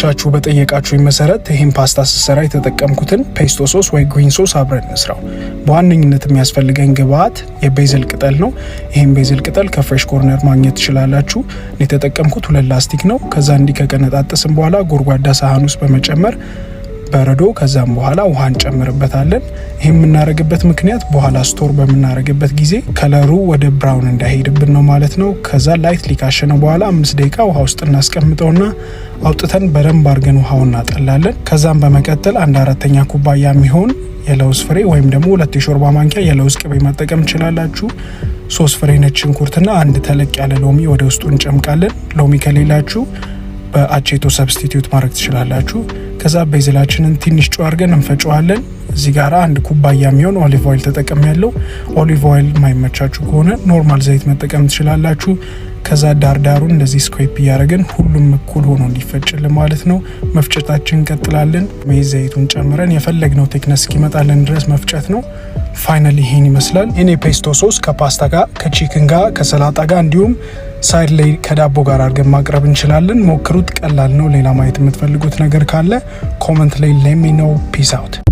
ብዙዎቻችሁ በጠየቃችሁ መሰረት ይህን ፓስታ ስሰራ የተጠቀምኩትን ፔስቶ ሶስ ወይ ግሪን ሶስ አብረን እንስራው። በዋነኝነት የሚያስፈልገን ግብአት የቤዝል ቅጠል ነው። ይህን ቤዝል ቅጠል ከፍሬሽ ኮርነር ማግኘት ትችላላችሁ። የተጠቀምኩት ሁለት ላስቲክ ነው። ከዛ እንዲህ ከቀነጣጠስም በኋላ ጎድጓዳ ሳህን ውስጥ በመጨመር በረዶ ከዛም በኋላ ውሃ እንጨምርበታለን። ይህ የምናደርግበት ምክንያት በኋላ ስቶር በምናደርግበት ጊዜ ከለሩ ወደ ብራውን እንዳይሄድብን ነው ማለት ነው። ከዛ ላይት ሊካሸነ በኋላ አምስት ደቂቃ ውሃ ውስጥ እናስቀምጠውና አውጥተን በደንብ አድርገን ውሃው እናጠላለን። ከዛም በመቀጠል አንድ አራተኛ ኩባያ የሚሆን የለውዝ ፍሬ ወይም ደግሞ ሁለት የሾርባ ማንኪያ የለውዝ ቅቤ መጠቀም ትችላላችሁ። ሶስት ፍሬ ነጭ ሽንኩርትና አንድ ተለቅ ያለ ሎሚ ወደ ውስጡ እንጨምቃለን። ሎሚ ከሌላችሁ በአቼቶ ሰብስቲትዩት ማድረግ ትችላላችሁ። ከዛ ቤዝላችንን ትንሽ ጨው አድርገን እንፈጨዋለን። እዚህ ጋር አንድ ኩባያ የሚሆን ኦሊቭ ኦይል ተጠቀም ያለው ኦሊቭ ኦይል ማይመቻችሁ ከሆነ ኖርማል ዘይት መጠቀም ትችላላችሁ። ከዛ ዳርዳሩን እንደዚህ ስኮፕ እያደረግን ሁሉም እኩል ሆኖ እንዲፈጭልን ማለት ነው መፍጨታችን እንቀጥላለን። ሜይ ዘይቱን ጨምረን የፈለግነው ቴክነስ እስኪመጣልን ድረስ መፍጨት ነው። ፋይናል ይሄን ይመስላል። እኔ ፔስቶ ሶስ ከፓስታ ጋር ከቺክን ጋር ከሰላጣ ጋር እንዲሁም ሳይድ ላይ ከዳቦ ጋር አድርገን ማቅረብ እንችላለን። ሞክሩት፣ ቀላል ነው። ሌላ ማየት የምትፈልጉት ነገር ካለ ኮመንት ላይ ሌሚ ነው። ፒስ አውት